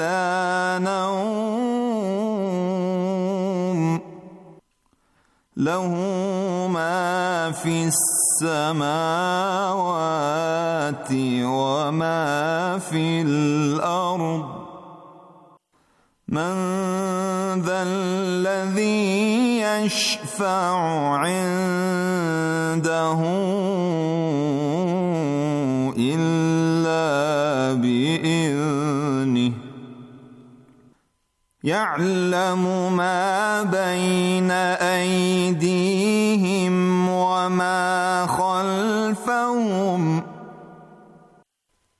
على وما خلفهم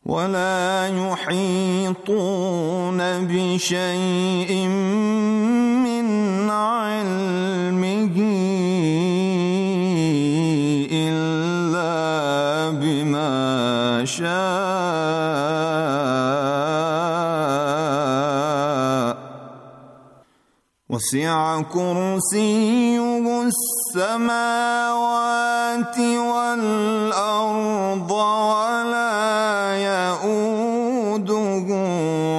ولا يحيطون بشيء من علمه إلا بما شاء وسع كرسيه السماوات والأرض ولا يؤوده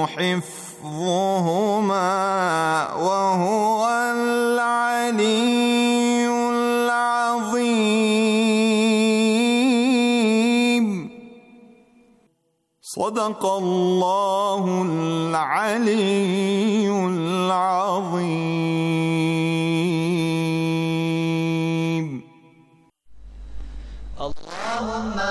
حفظهما وهو العلي العظيم صدق الله العلي العظيم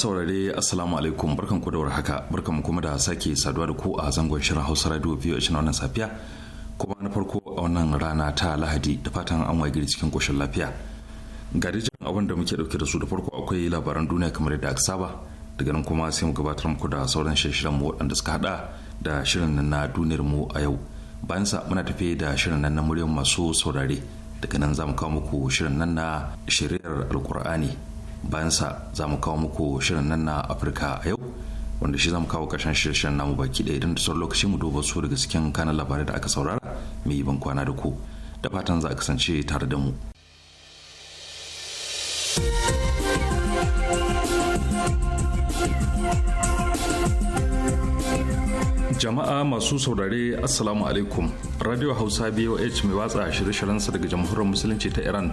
saurare assalamu alaikum barkan ku da haka barkan mu kuma da sake saduwa da ku a zangon shirin hausa radio biyu a wannan safiya kuma na farko a wannan rana ta lahadi da fatan an waye gari cikin koshin lafiya ga dijin abin da muke dauke da su da farko akwai labaran duniya kamar yadda aka saba daga nan kuma sai mu gabatar muku da sauran shirin mu waɗanda suka hada da shirin nan na duniyar mu a yau bayan sa muna tafe da shirin nan na muryar masu saurare daga nan za mu kawo muku shirin nan na shiriyar alkur'ani bayansa za mu kawo muku shirin nan na afirka a yau wanda shi za mu kawo karshen shirin namu baki ɗaya idan da sauran lokaci mu duba su daga cikin kanan labarai da aka saurara mai yi ban kwana da ku da fatan za a kasance tare da mu. jama'a masu saurare assalamu alaikum radio hausa boh mai watsa shirye-shiryensa daga jamhuriyar musulunci ta iran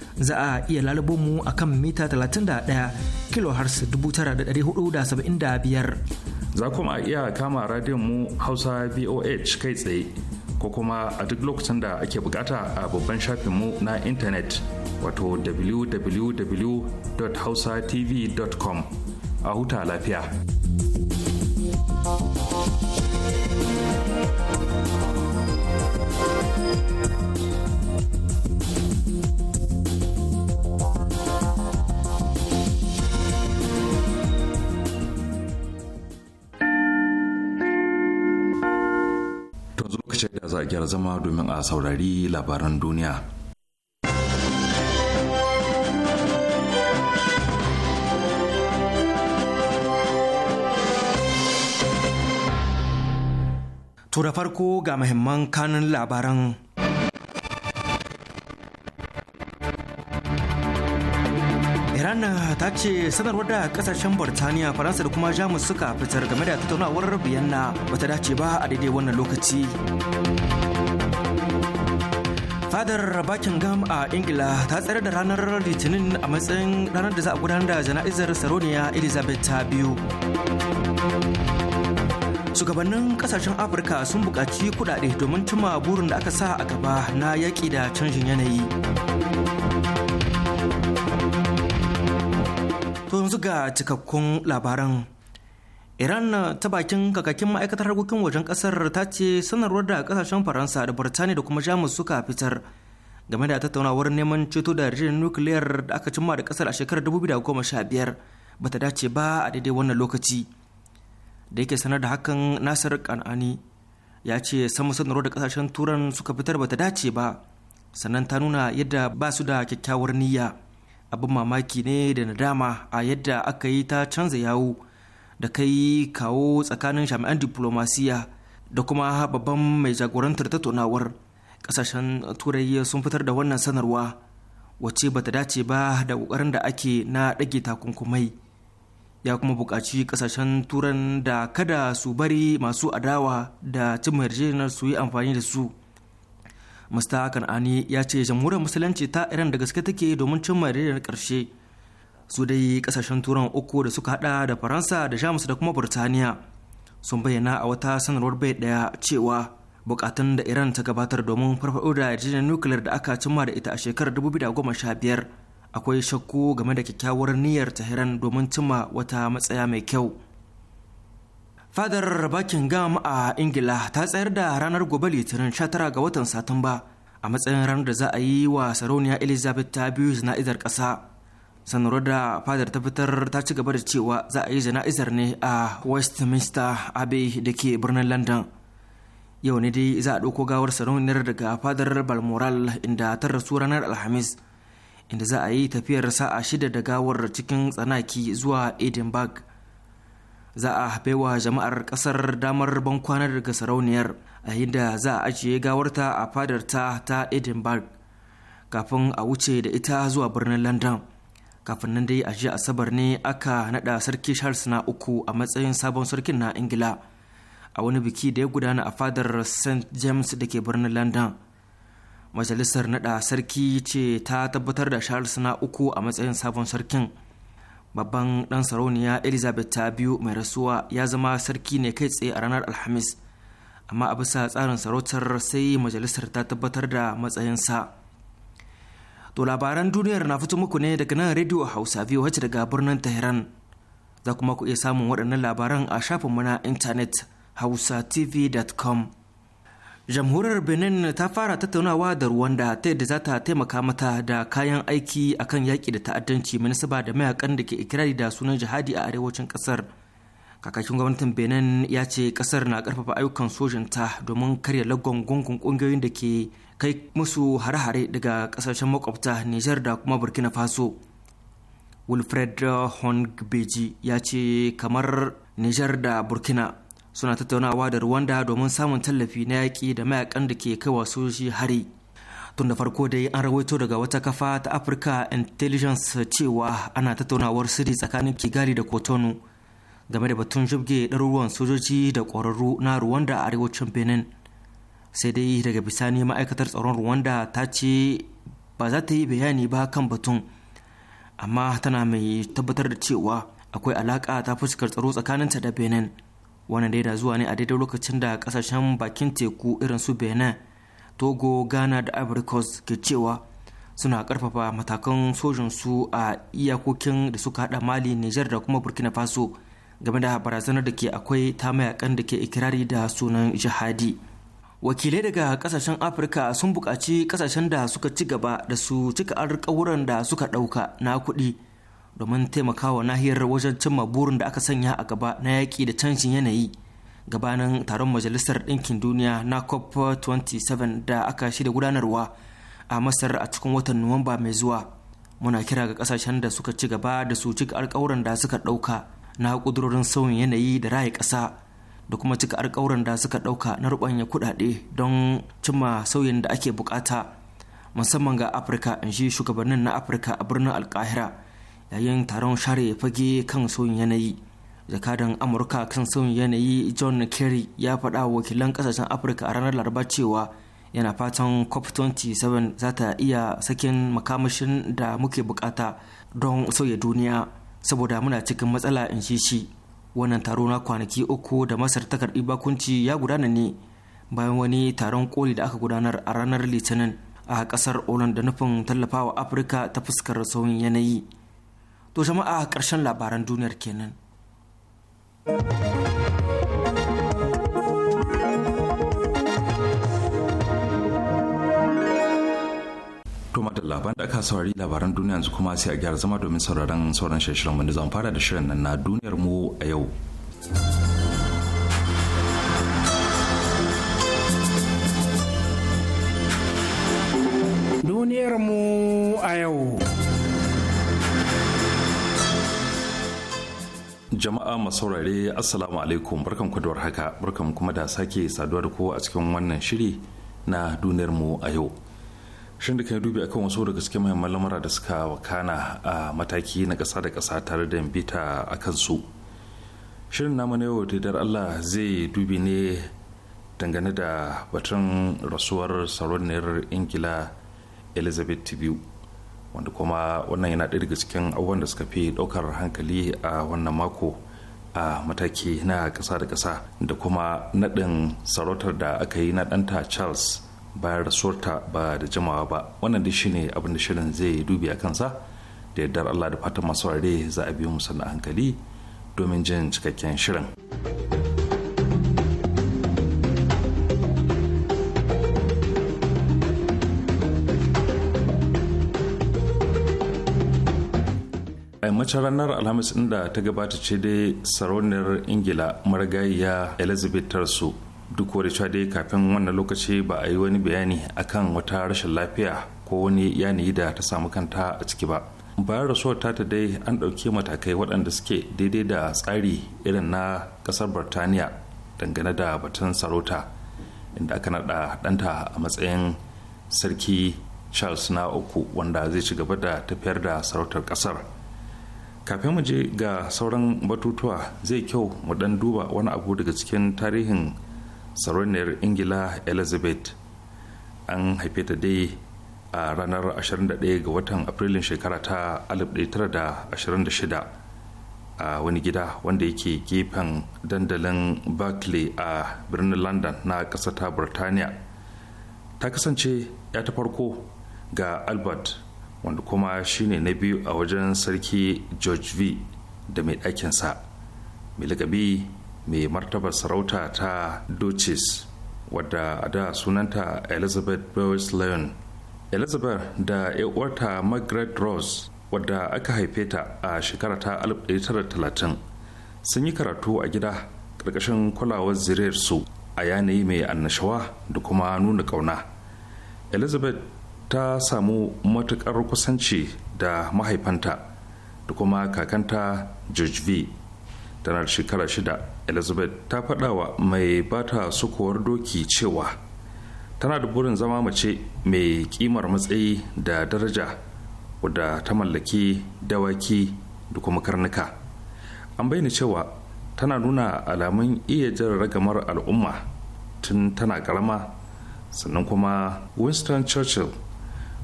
za a iya lalubo mu a kan mita 31 kilohertz biyar. Za kuma iya kama radiyon mu Hausa VOH kai tsaye ko kuma a duk lokacin da ake bukata a babban mu na intanet wato www.hausatv.com a huta lafiya. a zama domin a saurari labaran duniya. tura farko ga muhimman kanun labaran ta ce sanarwar da kasashen Birtaniya, Faransa da kuma Jamus suka fitar game da tattaunawar Vienna bata dace ba a daidai wannan lokaci. fadar Buckingham a Ingila ta tsare da ranar Litinin a matsayin ranar da za a gudanar da jana'izar Saroniya Elizabeth ta biyu. shugabannin kasashen afirka sun buƙaci kudade domin cimma burin da aka sa a gaba na yaƙi da canjin yanayi To yanzu ga cikakkun labaran. Iran ta bakin kakakin ma'aikatar harkokin wajen kasar ta ce sanarwar da kasashen Faransa da Birtaniya da kuma Jamus suka fitar game da tattaunawar neman ceto da rijiyar nukiliyar da aka cimma da kasar a shekarar 2015 bata dace ba a daidai wannan lokaci. Da yake sanar da hakan Nasir Kanani ya ce samun sanarwar da kasashen Turan suka fitar bata dace ba sannan ta nuna yadda ba su da kyakkyawar niyya. abin mamaki ne da nadama a yadda aka yi ta canza yawo da kai kawo tsakanin jami'an diplomasiya da kuma babban mai jagorantar tattaunawar kasashen turai sun fitar da wannan sanarwa wace ba ta dace ba da kokarin da ake na ɗage takunkumai ya kuma buƙaci kasashen turan da kada su bari masu adawa da cin yarjejeniyar su yi amfani da su mista kan'ani ya ce jamhuriyar musulunci ta iran da gaske take domin cimma yarjejeniyar karshe su dai kasashen turan uku da suka hada da faransa da jamus da kuma burtaniya sun bayyana a wata sanarwar bai daya cewa bukatun da iran ta gabatar domin farfado da yarjejeniyar nukiliyar da aka cimma da ita a shekarar 2015 akwai shakku game da kyakkyawar niyyar tahiran domin cimma wata matsaya mai kyau fadar buckingham a ingila ta tsayar da ranar gobe litinin 19 ga watan satumba a matsayin ranar da za a yi wa sarauniya elizabeth ta biyu jana'izar kasa sanarwar da fadar ta fitar ta ci gaba da cewa za a yi jana'izar ne a westminster abbey da ke birnin london yau ne dai za a ɗauko gawar sarauniyar daga fadar balmoral inda ta rasu ranar alhamis inda za a yi tafiyar sa'a shida da gawar cikin tsanaki zuwa edinburgh za a baiwa jama'ar kasar damar bankwana daga sarauniyar a da za a ajiye gawarta a fadarta ta edinburgh kafin a wuce da ita zuwa birnin london kafin nan dai a asabar ne aka nada sarki charles na uku a matsayin sabon sarkin na ingila a wani biki da ya gudana a fadar st james da ke birnin london majalisar nada sarki ce ta tabbatar da charles na uku a matsayin sabon sarkin babban ɗan sarauniya elizabeth ta biyu mai rasuwa ya zama sarki ne kai tsaye a ranar alhamis amma a bisa tsarin sarautar sai majalisar ta tabbatar da matsayinsa to labaran duniyar na fito muku ne daga nan rediyo hausa biyu wacce daga birnin tehran za kuma ku iya samun waɗannan labaran a shafinmu na intanet hausa hausatv.com jamhuriyar benin ta fara tattaunawa da rwanda ta yadda za ta taimaka mata da kayan aiki akan yaƙi da ta'addanci mai nasaba da mayakan da ke ikirari da sunan jihadi a arewacin ƙasar kakakin gwamnatin benin ya ce ƙasar na ƙarfafa ayyukan sojanta domin karya lagon gungun ƙungiyoyin da ke kai musu hare-hare daga ƙasashen makwabta nijar da kuma burkina faso wilfred hongbeji ya ce kamar nijar da burkina suna tattaunawa da ruwanda domin samun tallafi na yaƙi da mayakan da ke kai sojoji hari. Tun da farko dai an rawaito daga wata kafa ta Africa Intelligence cewa ana tattaunawar sirri tsakanin Kigali da Kotonu game da batun jibge ɗaruruwan sojoji da ƙwararru na ruwanda a arewacin Benin. Sai dai daga bisani ma'aikatar tsaron ruwanda ta ce ba za ta yi bayani ba kan batun amma tana mai tabbatar da cewa akwai alaƙa ta fuskar tsaro tsakaninta da Benin. wannan dai da zuwa ne a daidai lokacin da kasashen bakin teku irin su benin togo ghana da ivory coast ke cewa suna karfafa matakan sojin su a iyakokin da suka hada mali niger da kuma burkina faso game da barazanar da ke akwai ta mayakan da ke ikirari da sunan jihadi wakilai daga kasashen afirka sun bukaci kasashen da suka ci gaba da su cika alƙawuran da suka ɗauka na kuɗi domin taimakawa nahiyar wajen cimma burin da aka sanya a gaba na yaƙi da canjin yanayi gabanin taron majalisar ɗinkin duniya na cop 27 da aka shirya gudanarwa a masar a cikin watan nuwamba mai zuwa muna kira ga kasashen da suka ci gaba da su cika alkawuran da suka ɗauka na ƙudurorin sauyin yanayi da raye ƙasa da kuma cika alkawuran da suka ɗauka na rubanya kuɗaɗe don cimma sauyin da ake buƙata musamman ga afirka in shi shugabannin na afirka a birnin alkahira yayin taron share fage kan sauyin yanayi jakadan amurka kan sauyin yanayi john kerry ya faɗa wakilan ƙasashen afirka a ranar laraba cewa yana fatan cop 27 za ta iya sakin makamashin da muke bukata don sauya duniya saboda muna cikin matsala in shi shi wannan taro na kwanaki uku da masar ta karbi bakunci ya gudana ne bayan wani taron koli da aka gudanar a ranar litinin a kasar oland da nufin tallafawa afirka ta fuskar sauyin yanayi To jama'a ƙarshen labaran duniyar kenan. To da labaran da aka saurari labaran duniya yanzu kuma sai a gyara zama domin sauraron sauran shirin wanda zan fara da shirin nan na duniyar mu a yau. Duniyar mu a yau. jama'a masaurare assalamu alaikum barkan da haka barkan kuma da sake saduwa da kowa a cikin wannan shiri na duniyar mu a yau shin da kai dubi akan wasu daga cikin muhimman lamura da suka wakana a mataki na ƙasa da kasa tare da bita a kansu shirin namu na yau da allah zai dubi ne dangane da batun rasuwar sarauniyar ingila elizabeth ii. wanda kuma wannan yana ɗaya daga cikin abubuwan da suka fi ɗaukar hankali a wannan mako a mataki na ƙasa da ƙasa da kuma naɗin sarautar da aka yi na ɗanta charles bayan rasuwarta ba da jimawa ba wannan dai shine abin da shirin zai dubi a kansa da yardar allah da fatan masu za a biyo musu hankali domin jin cikakken shirin. yammacin ranar alhamis inda ta gabata ce dai sarauniyar ingila marigayiya elizabeth tarsu duk wadda cewa dai kafin wannan lokaci ba a yi wani bayani akan wata rashin lafiya ko wani yanayi da ta samu kanta a ciki ba bayan rasuwar ta dai an ɗauki matakai waɗanda suke daidai da tsari irin na ƙasar birtaniya dangane da batun sarauta inda aka naɗa ɗanta a matsayin sarki charles na uku wanda zai ci gaba da tafiyar da sarautar ƙasar kafin mu je ga sauran batutuwa zai kyau mu dan duba wani abu daga cikin tarihin sarauniyar ingila elizabeth an haife ta dai a ranar 21 ga watan afrilun shekara ta 1926 a wani gida wanda yake gefen dandalin berkeley a birnin london na ƙasa burtaniya ta kasance ya ta farko ga albert wanda kuma shine na biyu a wajen sarki george v da mai ɗakinsa mai lakabi mai martabar sarauta ta duchess wadda a da sunanta elizabeth bowes lyon elizabeth da uwarta margaret rose wadda aka haife ta a shekara ta 1930 sun yi karatu a gida ƙarƙashin kulawar zuriyarsu a yanayi mai annashawa da kuma nuna ƙauna elizabeth ta samu matukar kusanci da mahaifanta da kuma kakanta george v tana shekara shida elizabeth ta faɗawa mai bata sukuwar doki cewa tana da burin zama mace mai kimar matsayi da daraja wadda ta mallaki dawaki da kuma karnuka an bayyana cewa tana nuna alamun iya jin ragamar al'umma tun tana karama sannan kuma winston churchill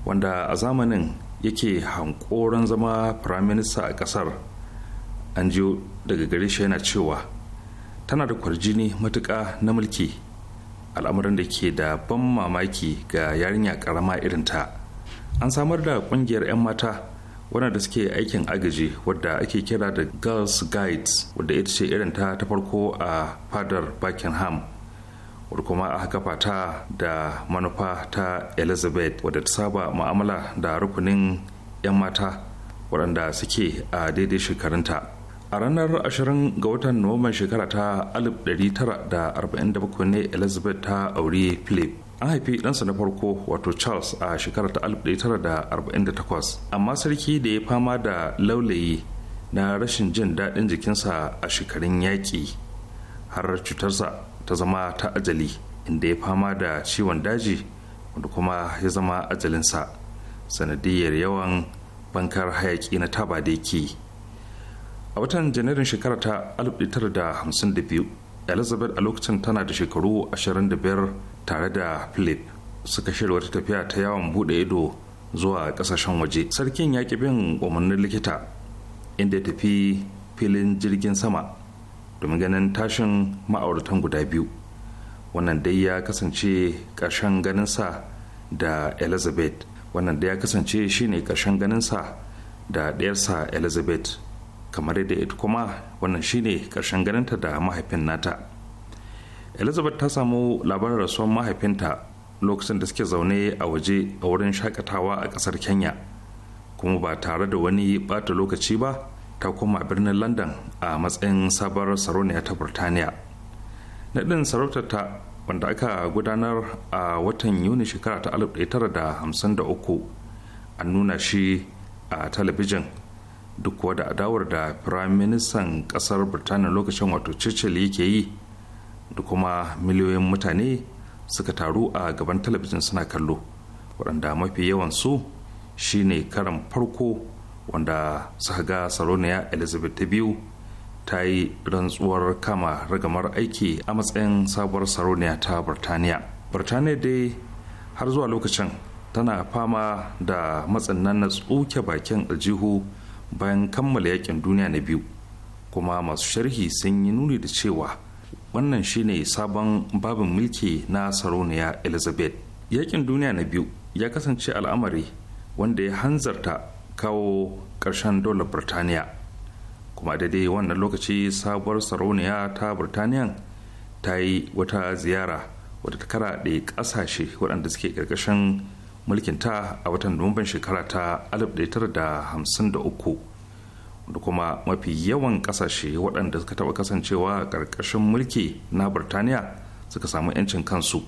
wanda a zamanin yake hankoron zama firaminista a kasar an jiyo daga gare shi yana cewa tana da kwarjini matuƙa na mulki al'amuran da ke da ban mamaki ga yarinya ƙarama ta. an samar da ƙungiyar 'yan mata waɗanda suke aikin agaji wadda ake kira da girls guides wadda ita ce irinta ta farko a fadar buckingham wadda kuma aka kafa ta da manufa ta elizabeth wadda ta saba ma'amala da rukunin 'yan mata waɗanda suke a daidai shekarunta a ranar 20 ga watan nuwamban shekara ta 1947 ne elizabeth ta auri philip an haifi ɗansa na farko wato charles a shekara ta 1948 amma sarki da ya fama da laulayi na rashin jin daɗin jikinsa a shekarun yaƙi har cutarsa ta zama ta ajali inda ya fama da ciwon daji wanda kuma ya zama ajalinsa sanadiyar yawan bankar hayaki na taba da yake a watan janairun shekara ta 1952 elizabeth a lokacin tana da shekaru 25 tare da philip suka shirya wata tafiya ta yawon bude ido zuwa kasashen waje sarkin ya bin umarnin likita inda ya tafi filin jirgin sama domin ganin tashin ma'auratan guda biyu wannan dai ya kasance ƙarshen ganinsa da elizabeth wannan dai ya kasance shine ƙarshen ganinsa da ɗayarsa elizabeth kamar da ita kuma wannan shine ƙarshen ganinta da mahaifin nata elizabeth ta samu labarin rasuwar mahaifinta lokacin da suke zaune a waje a wurin shakatawa a ƙasar kenya kuma ba tare da wani bata lokaci ba ta koma birnin london a matsayin sabar sarauniya ta burtaniya naɗin ta wanda aka gudanar a watan yuni shekara ta 1953 an nuna shi a talabijin duk kuwa da adawar da firaministan kasar birtaniya lokacin wato churchill yake yi da kuma miliyoyin mutane suka taru a gaban talabijin suna kallo waɗanda mafi yawan su shine karan farko wanda suka ga Sarauniya elizabeth ta biyu ta yi rantsuwar kama ragamar aiki a matsayin sabuwar Sarauniya ta birtaniya birtaniya dai har zuwa lokacin tana fama da matsin nan na tsuke bakin aljihu bayan kammala yakin duniya na biyu kuma masu sharhi sun yi nuni da cewa wannan shine sabon babin mulki na sarauniya elizabeth yakin duniya na biyu ya kasance al'amari wanda ya hanzarta kawo ƙarshen dole birtaniya kuma daidai wannan lokaci sabuwar sarauniya ta Birtaniya ta yi wata ziyara wadda ta karaɗe ƙasashe waɗanda suke ƙarƙashin mulkinta a watan nuwamban shekara ta 1953 da kuma mafi yawan ƙasashe waɗanda suka taɓa kasancewa ƙarƙashin mulki na birtaniya suka samu 'yancin kansu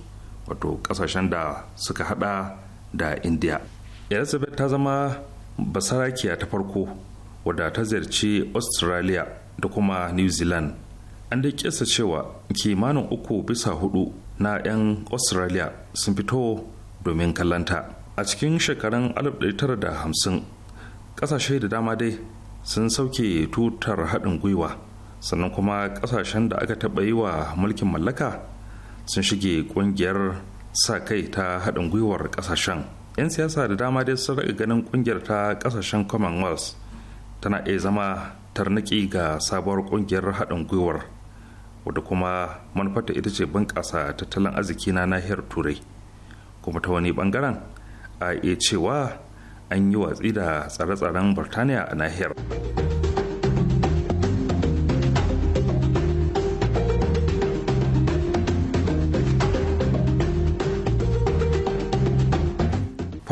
wato ƙasashen da suka hada da indiya elizabeth ta zama basarakiya ta farko wadda ta ziyarci australia da kuma new zealand an da kesa cewa kimanin uku bisa hudu na 'yan australia sun fito domin kallanta a cikin shekarun 1950 kasashe da dama dai sun sauke tutar haɗin gwiwa sannan kuma kasashen da aka taɓa yi wa mulkin mallaka sun shige ƙungiyar sa kai ta haɗin gwiwar ƙasashen 'yan siyasa da dama dai sun rage ganin kungiyar ta kasashen commonwealth tana iya zama tarniki ga sabuwar kungiyar haɗin gwiwar wadda kuma manufarta ita ce bunƙasa tattalin arziki na nahiyar turai kuma ta wani bangaren a iya cewa an yi watsi da tsare-tsaren birtaniya a nahiyar.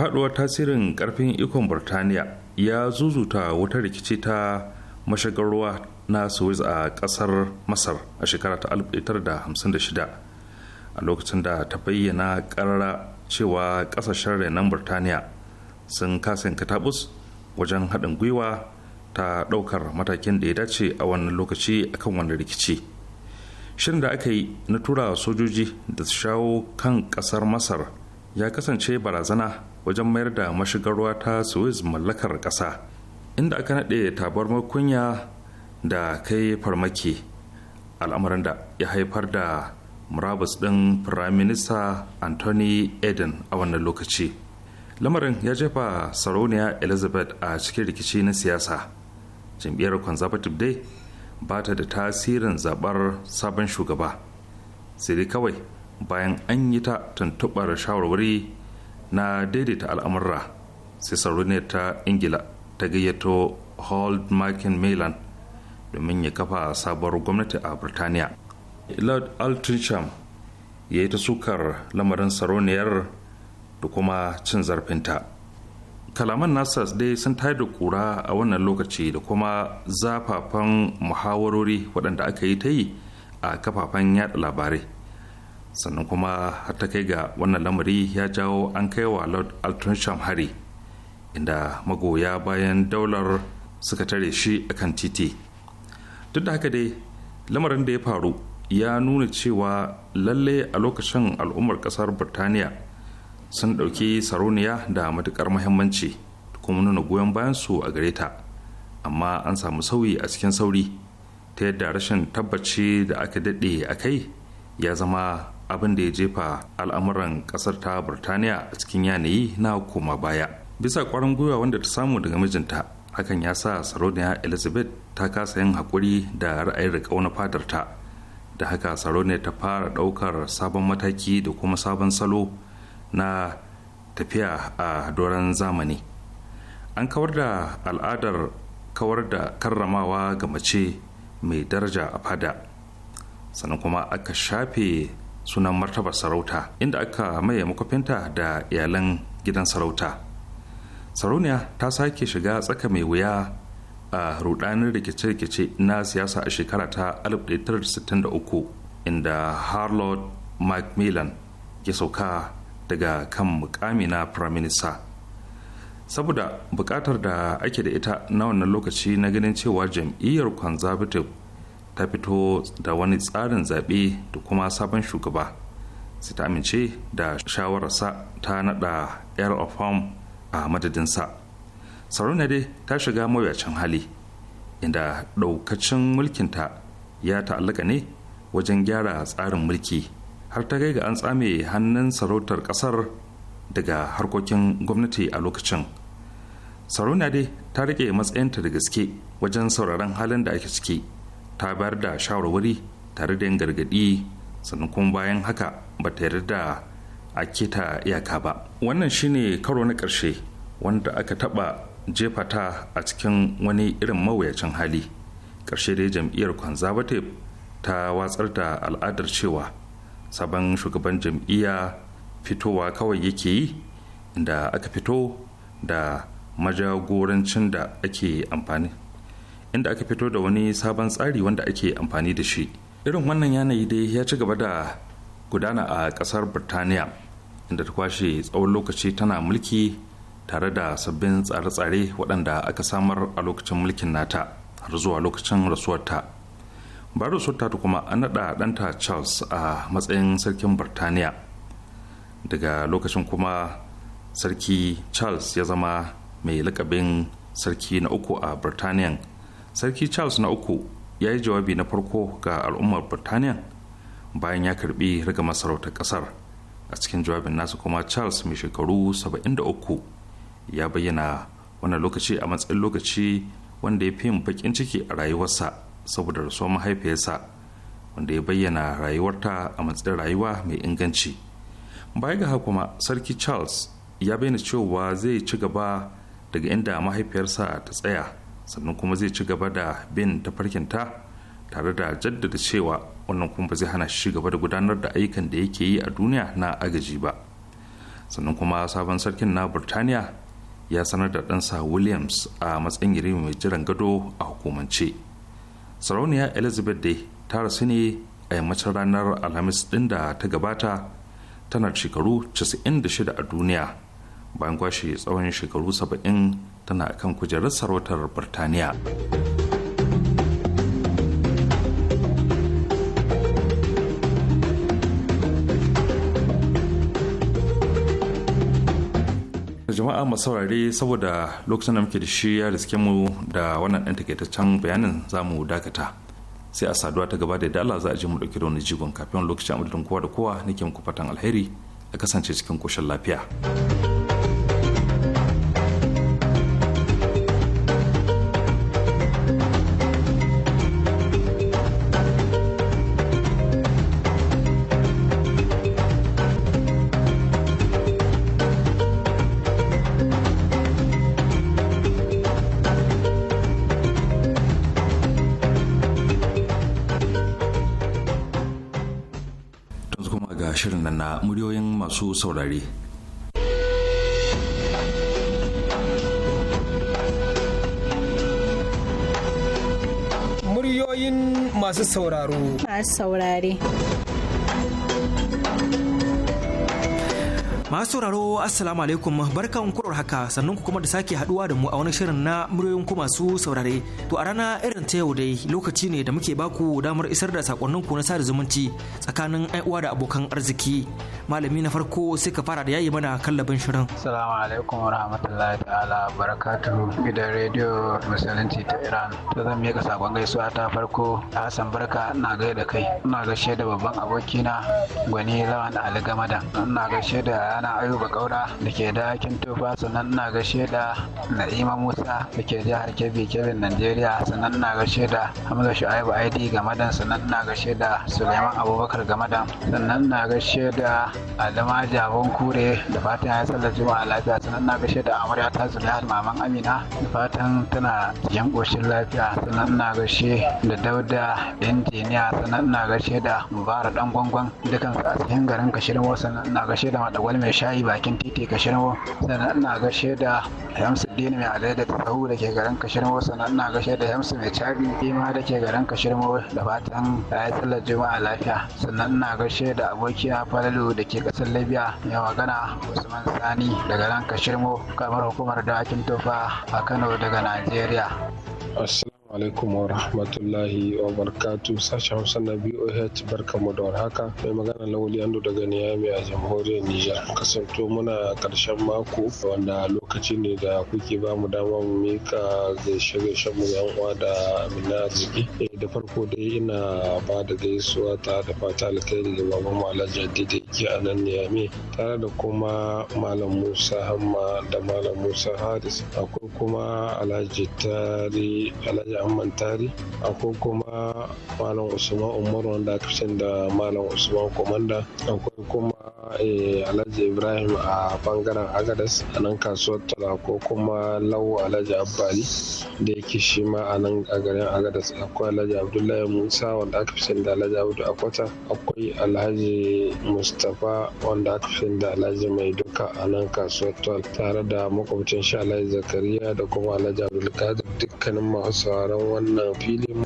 faduwar tasirin karfin ikon burtaniya ya zuzuta wata rikici ta mashigar ruwa na suez a kasar masar a shekara ta 1956 a lokacin da ta bayyana karara cewa kasashen renon burtaniya sun kasan katabus wajen haɗin gwiwa ta ɗaukar matakin da ya dace a wannan lokaci akan wani rikici shirin da aka yi na tura sojoji da su shawo kan kasar masar ya kasance barazana wajen mayar da mashigar ta suez mallakar ƙasa inda aka naɗe tabar makunya da kai farmaki al'amarin da ya haifar da murabus ɗin firaminista anthony eden a wannan lokaci lamarin ya jefa sarauniya elizabeth a cikin rikici na siyasa jam'iyyar conservative dai ba ta da tasirin zabar sabon shugaba sai dai kawai bayan an yi ta tuntuɓar shawarwari na daidaita al'amurra sai sarauniyar ta ingila ta gayyato hold makin milan domin ya kafa sabuwar gwamnati a birtaniya lord altricham ya yi ta sukar lamarin sarauniyar da kuma cin zarfinta kalaman nasa dai sun tayar da kura a wannan lokaci da kuma zafafan muhawarori waɗanda aka yi ta yi a kafafen yada labarai sannan kuma har ta kai ga wannan lamari ya jawo an kai wa lord altonsham hari inda magoya bayan daular suka tare shi a kan titi duk da haka dai lamarin da ya faru ya nuna cewa lalle a lokacin al'ummar kasar birtaniya sun ɗauki saroniya da matuƙar muhimmanci kuma nuna goyon bayansu a gare ta amma an samu sauyi a cikin sauri ta yadda rashin tabbaci da aka daɗe a kai ya zama abin da ya jefa al'amuran kasar ta burtaniya a cikin yanayi na koma baya bisa kwarin gwiwa wanda ta samu daga mijinta hakan ya sa sarauniya elizabeth ta kasa yin haƙuri da ra'ayin da na fadarta da haka sarauniya ta fara ɗaukar sabon mataki da kuma sabon salo na tafiya a doron zamani an kawar da al'adar kawar da karramawa ga mace mai daraja a fada sannan kuma aka shafe sunan martaba sarauta inda aka maye makwafinta da iyalan gidan sarauta sarauniya ta sake shiga tsaka mai wuya a rudanin rikice-rikice na siyasa a shekara ta 1963 inda harlot macmillan ya sauka daga kan mukami na firaminista saboda bukatar da ake da ita na wannan lokaci na ganin cewa jam'iyyar conservative ta fito da wani tsarin zaɓe da kuma sabon shugaba sai ta amince da shawararsa ta naɗa air of home a madadinsa sarauna dai ta shiga mawuyacin hali inda ɗaukacin mulkinta ya ta'allaka ne wajen gyara tsarin mulki har ta ga an tsame hannun sarautar ƙasar daga harkokin gwamnati a lokacin sarauna dai ta rike matsayinta da gaske wajen sauraron halin da ake ciki ta bayar da shawarwari tare da yin gargaɗi sannan kuma bayan haka ba ta yarda a keta iyaka ba wannan shine karo na ƙarshe wanda aka taɓa jefa ta a cikin wani irin mawuyacin hali ƙarshe dai jam'iyyar conservative ta watsar da al'adar cewa sabon shugaban jam'iyya fitowa kawai yake yi inda aka fito da majagorancin da ake amfani inda aka fito da wani sabon tsari wanda ake amfani da shi irin wannan yanayi dai ya ci gaba da gudana a kasar birtaniya inda ta kwashe tsawon lokaci tana mulki tare da sabbin tsare-tsare waɗanda aka samar a lokacin mulkin nata har zuwa lokacin rasuwarta ba rasuwarta ta kuma an naɗa ɗanta charles a matsayin sarkin birtaniya daga lokacin kuma sarki charles ya zama mai lakabin sarki na uku a birtaniya sarki charles na uku ya yi jawabi na farko ga al'ummar birtaniya bayan ya karbi riga masarautar kasar a cikin jawabin nasa kuma charles mai shekaru 73 ya bayyana wannan lokaci a matsayin lokaci wanda ya fi yin bakin ciki a rayuwarsa saboda rasuwar mahaifiyarsa wanda ya bayyana rayuwarta a matsayin rayuwa mai inganci baya ga kuma sarki charles ya bayyana cewa zai ci gaba daga inda mahaifiyarsa ta tsaya sannan kuma zai ci gaba da bin tafarkinta tare da jaddada cewa wannan kuma ba zai hana shi gaba da gudanar da ayyukan da yake yi a duniya na agaji ba sannan kuma sabon sarkin na burtaniya ya sanar da ɗansa williams a matsayin gire mai jiran gado a hukumance sarauniya elizabeth day ta rasu ne a yammacin ranar alhamis ɗin da ta gabata tana shekaru 96 a duniya bayan kwashe tsawon shekaru 70 tana kan kujerar sarautar birtaniya jama'a masu saurare saboda lokacin da muke da shi ya riske mu da wannan ɗan takaitaccen bayanin za mu dakata sai a saduwa ta gaba da dala za a je mu ɗauki da wani jigon kafin lokacin amadadin kowa da kowa nake muku fatan alheri a kasance cikin koshin lafiya. saurare. Muryoyin masu sauraro. Masu saurare. Masu sauraro Assalamu alaikum barkan kurar haka sannan ku kuma da sake haduwa da mu a wani shirin na muryoyin ku masu saurare. To a rana irin ta yau dai lokaci ne da muke baku damar isar da sakonnin ku na sada zumunci tsakanin uwa da abokan arziki. malami na farko sai ka fara da yayi mana kallabin shirin assalamu alaikum wa rahmatullahi ta'ala barakatuhu gidan rediyo musulunci ta iran to zan miƙa sakon gaisuwa ta farko hassan barka ina da kai ina gaishe da babban abokina gwani lawan ali gamadan ina gaishe da yana ayuba kaura da ke dakin tufa sannan ina gaishe da na'ima musa da ke jihar kebbi kebbin najeriya sannan ina gaishe da hamza shu'aibu id gamadan sannan ina gaishe da suleiman abubakar gamadan sannan ina gaishe da Adama Jabon Kure da fatan ya sallar juma'a lafiya sannan na gaishe da amarya ta Zulaiha maman Amina da fatan tana yan ƙoshin lafiya sannan na gaishe da Dauda injiniya sannan na gaishe da Mubarak dan gwangwan dukan su a cikin garin Kashirmo sannan na gaishe da Madagwal mai shayi bakin titi Kashirmo sannan na gaishe da Yamsuddin mai alai da Tsahu da ke garin Kashirmo sannan na gaishe da Yamsu mai cabi ima da ke garin Kashirmo da fatan ya sallar juma'a lafiya sannan na gaishe da abokina Falalu da ke kasar libya mai magana usman sani daga nan kashirmo kamar hukumar da akin tofa a kano daga najeriya alaikum wa rahmatullahi wa barkatu sashen hausa na boh barkamu da warhaka mai magana lawali ando daga niyami a jamhuriyar nijar kasanto muna karshen mako wanda lokaci ne da kuke ba mu dama mu mika gaishe gaishe mu yan uwa da amina arziki eh, da farko dai ina ba da gaisuwa ta da fata alkhairi da baban malam jadi da ke a nan niyami tare da kuma malam musa hamma da malam musa haris akwai kuma alhaji tari alhaji Alhaji mantari akwai kuma Malam Usman Umar wanda aka fi da Malam Usman Komanda akwai kuma eh, Alhaji Ibrahim a bangaren Agadas a nan kasuwar tara ko kuma Lau Alhaji Abbali da yake shi ma a nan a garin Agadas akwai Alhaji Abdullahi Musa wanda aka fi da Alhaji abu Akwata akwai Alhaji Mustapha wanda aka fi da Alhaji Mai Duka a nan kasuwar tara tare da makwabcin alhaji Zakariya da kuma Alhaji Abdulkadir dukkanin masu I don't want no opinion.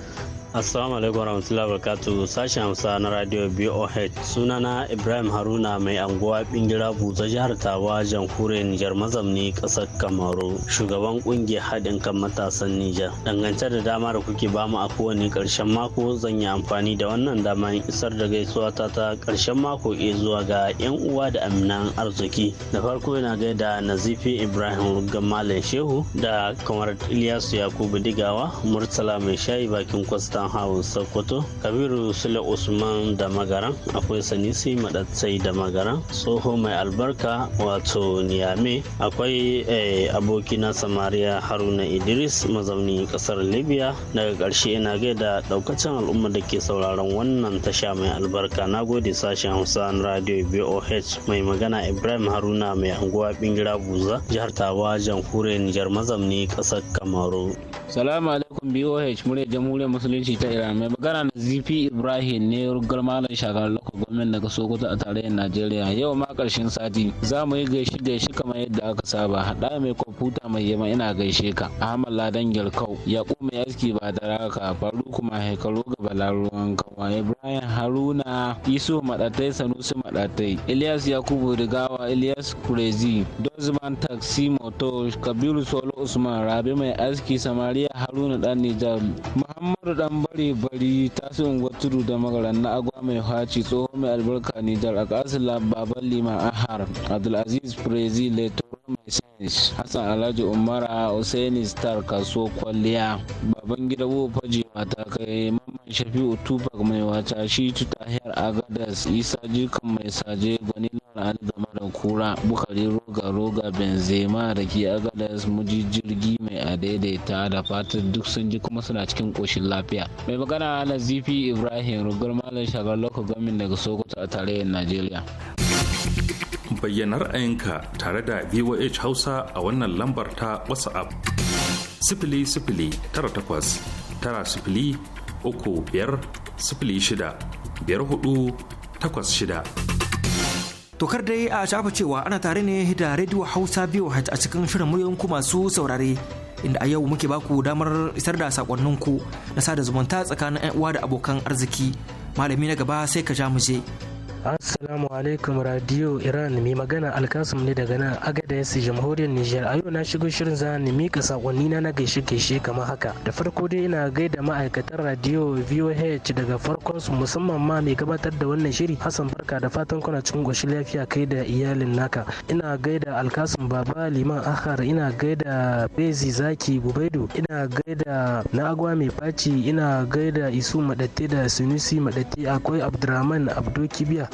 Assalamu alaikum warahmatullahi wabarakatuh sashen hamsa na Radio BOH sunana Ibrahim Haruna mai anguwa bingira buza jihar Tawa jamhuriyar Nijar mazamni kasar Kamaru shugaban kungiyar haɗin kan matasan Nijar dangance da dama da kuke bamu a kowane ƙarshen mako zan yi amfani da wannan dama in isar da gaisuwa ta ta ƙarshen mako e zuwa ga yan uwa da aminan arziki da farko yana gaida Nazifi Ibrahim Ruggan Malam Shehu da kamar Ilyasu Yakubu Digawa Murtala mai shayi bakin kwasta Hassan Hawun Sokoto, Kabiru Sule Usman da Magaran, akwai Sanisi Madatsai da magara Tsoho Mai Albarka wato Niyame, akwai eh, abokina Samariya Haruna Idris mazaunin kasar Libya. Daga ƙarshe ina gaida daukacin al'umma da ke sauraron wannan tasha mai albarka. Na gode sashen Hausa na Radio BOH mai magana Ibrahim Haruna mai anguwa Bingira Buza, jihar Tawa, jamhuriyar Nijar mazamni kasar Kamaru. Salamu alaikum BOH muryar jamhuriyar musulunci musulunci ta iran mai magana da zp ibrahim ne rugar malam shagar lokacin gwamnan daga sokoto a tarayyar najeriya yau ma karshen sati za mu yi gaishe gaishe kamar yadda aka saba haɗa mai kwamfuta mai yama ina gaishe ka ahmad ladan gyalkau kuma mai aski ba da raka faru kuma haikaru ga balaruwan kawa ibrahim haruna yusuf maɗatai sanusi maɗatai ilyas yakubu rigawa ilyas kurezi dozman taxi moto kabiru solo usman rabi mai aski samariya haruna dan nijar muhammadu dan mare bari ta su waturu da magaran na agwa mai haci tsoho mai albarka nijar a kasu baban liman ahar abdulaziz prezi leto mai Hassan Alhaji Umara Usaini Star Kaso Kwalliya Baban Gida Faji Mata Kai Mamman Shafi'u Tupac Mai Wata Shi hiyar Agadas Isa Jikan Mai Saje Gwani Lara Ali Zama da Kura Bukari Roga Roga Benzema da ke Agadas Muji Jirgi Mai Adaidaita da fatan duk sun ji kuma suna cikin koshin lafiya. Mai magana Nazifi Ibrahim Rugar Malam Shagar Loko Gamin daga Sokoto a tarayyar Najeriya. bayyana ra'ayinka tare da voh hausa a wannan lambar ta whatsapp sifili sifili tara takwas tara sifili uku biyar sifili shida biyar hudu takwas shida tokar dai a shafa cewa ana tare ne da rediyo hausa biyu a cikin shirin muryoyin masu saurare inda a yau muke baku damar isar da sakonninku na sada zumunta tsakanin 'yan uwa da abokan arziki malami na gaba sai ka ja mu je Assalamu alaikum Radio Iran mai magana Alkasum ne daga nan Agadez Jamhuriyar Nijar. A yau na shigo shirin za ni mika sakonni na na gaishe gaishe kamar haka. Da farko dai ina gaida ma'aikatan Radio VOH daga farkon su musamman ma mai gabatar da wannan shiri Hassan Barka da fatan kuna cikin goshin lafiya kai da iyalin naka. Ina gaida Alkasum Baba Liman Ahar, ina gaida Bezi Zaki Bubaidu, ina gaida Nagwa mai faci, ina gaida Isu Madatte da Sunusi Madatte, akwai Abdurrahman Abdo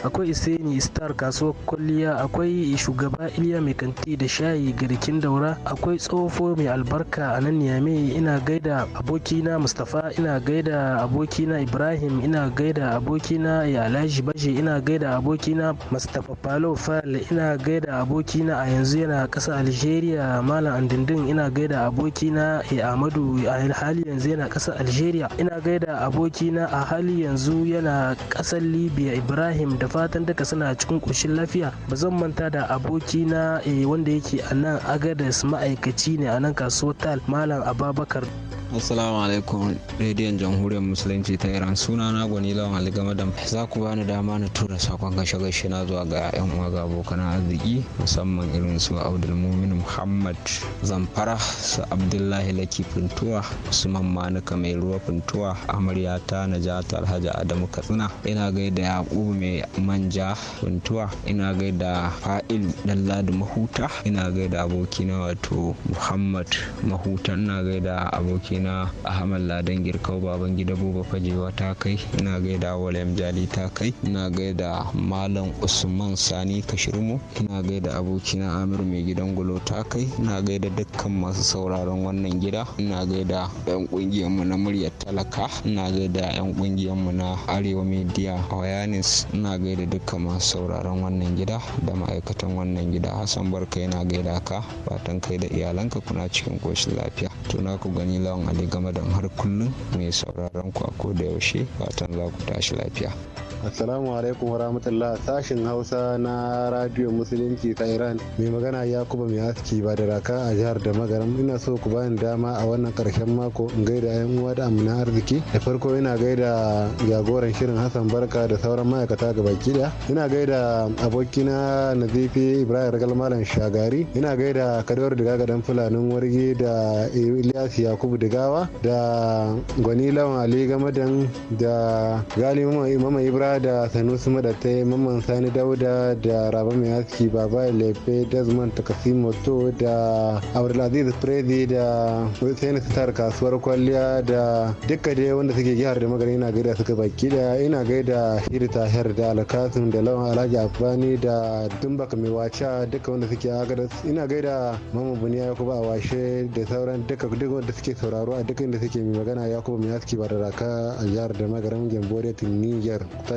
akwai iseni star kasuwar kwalliya akwai shugaba iliya mai kanti da shayi garkin daura akwai tsofo mai albarka a nan niyame ina gaida abokina mustapha ina gaida abokina ibrahim ina gaida abokina ya alhaji baje ina gaida abokina mustapha palo fal ina gaida abokina a yanzu yana ƙasa algeria malam andindin ina gaida abokina ya amadu a hali yanzu yana ƙasa algeria ina gaida abokina a hali yanzu yana ƙasar libya ibrahim da da fatan duka suna cikin ƙoshin lafiya ba zan manta da aboki na eh, wanda yake a nan agadas ma'aikaci ne a nan kasuwar tal malam ababakar assalamu alaikum rediyon jamhuriyar musulunci ta iran suna na gwani lawan aligama da za ku bani dama na tura sakon gashe gashe na zuwa ga yan uwa ga abokan arziki musamman irin su abdulmumin muhammad zamfara su abdullahi laki fintuwa su manuka mai ruwa fintuwa amarya ta najata alhaji adamu katsina ina gaida yakubu mai manja Funtuwa ina gaida Fa'il ladu Mahuta ina gaida abokina wato Muhammad Mahuta ina gaida abokina Ahmad Ladan Girkau baban gida Buba Fajewa ta kai ina gaida Walem Jali ta kai ina gaida Malam Usman Sani Kashirmo ina gaida abokina Amir mai gidan Gulo ta kai ina gaida dukkan masu sauraron wannan gida ina gaida yan kungiyar mu na muryar talaka ina gaida yan kungiyar mu na Arewa Media Awareness ina da dukkan masu sauraron wannan gida da ma'aikatan wannan gida hassan barka yana gaida ka fatan kai da iyalanka kuna cikin koshin lafiya tuna ku gani lawan ali game da har kullum mai sauraron ku a da yaushe fatan za ku tashi lafiya Assalamu alaikum warahmatullah Sashen Hausa na Radio Musulunci ta Iran. Mai magana Yakuba mai Aski ba da raka a jihar da magaram ina so ku bani dama a wannan karshen mako in gaida yan uwa da amina arziki. Da farko ina gaida jagoran shirin Hassan Barka da sauran ma'aikata ga daya. Ina gaida abokina Nazifi Ibrahim Ragal Shagari. Ina gaida Kadawar Diga gadan Fulanin Warge da Ilyas Yakubu Digawa da Gwani Lawan Ali Gamadan da Galimu Mama Ibrahim Kura da sanusi madatai mamman sani dauda da raba mai haski baba lefe desmond Moto da abdulaziz prezi da hussein sitar kasuwar kwalliya da duka dai wanda suke jihar da magana ina gaida suka baki da ina gaida hiri tahir da alkasim da lawan alhaji afani da dumbaka mai wacha duka wanda suke agadas ina gaida mama buniya ya kuma a washe da sauran duka duk wanda suke sauraro a duka inda suke mai magana ya kuma mai haski ba da raka a jihar da magana gembore tun niger ta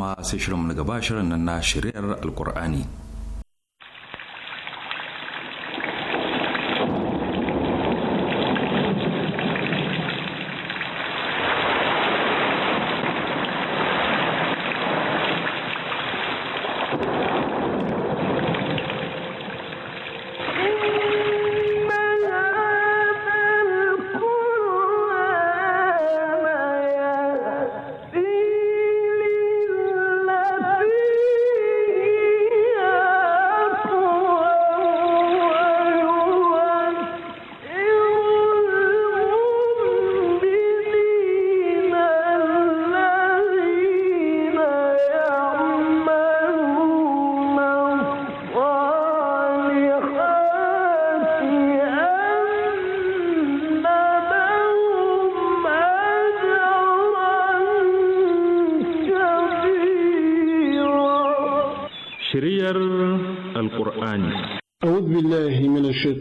kuma sai shirin na gaba shirin nan na shirin alkur'ani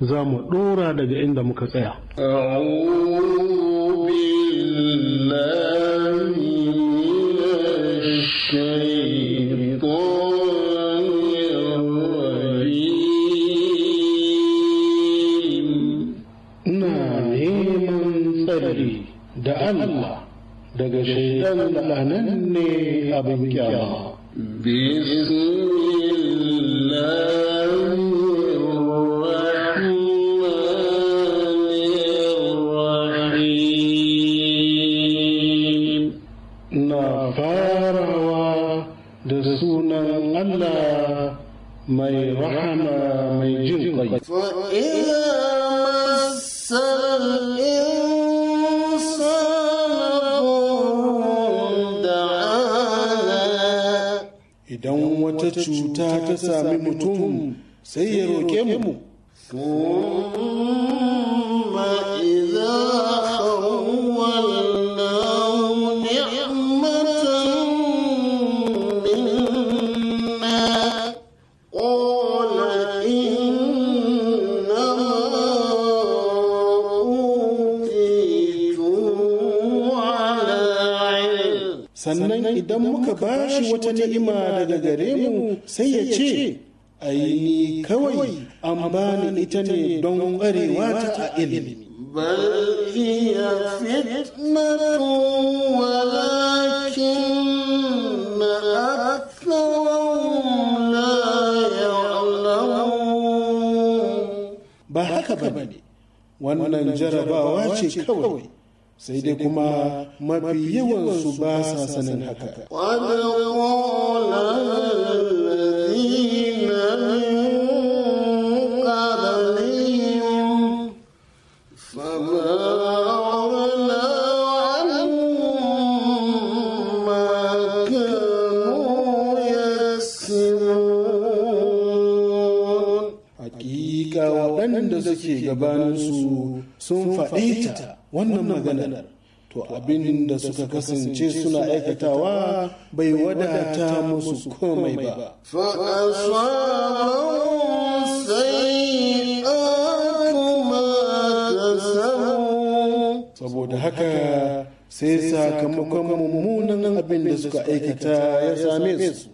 za mu ɗora daga inda muka tsaya. Ina neman tsari da Allah daga shaidan lanan ne abin kyama. cuta ta sami mutum sai ya roƙe mu sannan idan muka ba shi wata ni'ima ilimi bal hiya ba haka wannan jarabawa ce kawai sai dai kuma mafi yawansu ba sa sanin haka. gabaninsu sun faɗita wannan maganar to abin da suka kasance suna aikatawa bai wadata musu komai ba saboda haka sai sakamakon mummunan abin da suka aikata ya same su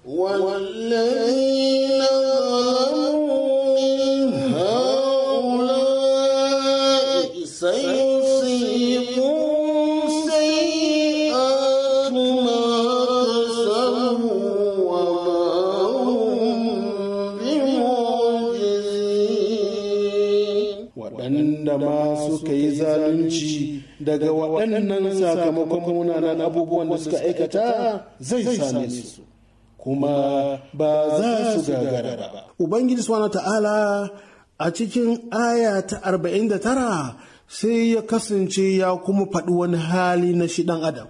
zalunci daga waɗannan sakamakon munanan abubuwan da suka aikata zai same su kuma ba za su gagara ba. Ubangiji Subhanahu ta'ala a cikin aya ta tara sai ya kasance ya kuma faɗi wani hali na shi ɗan adam.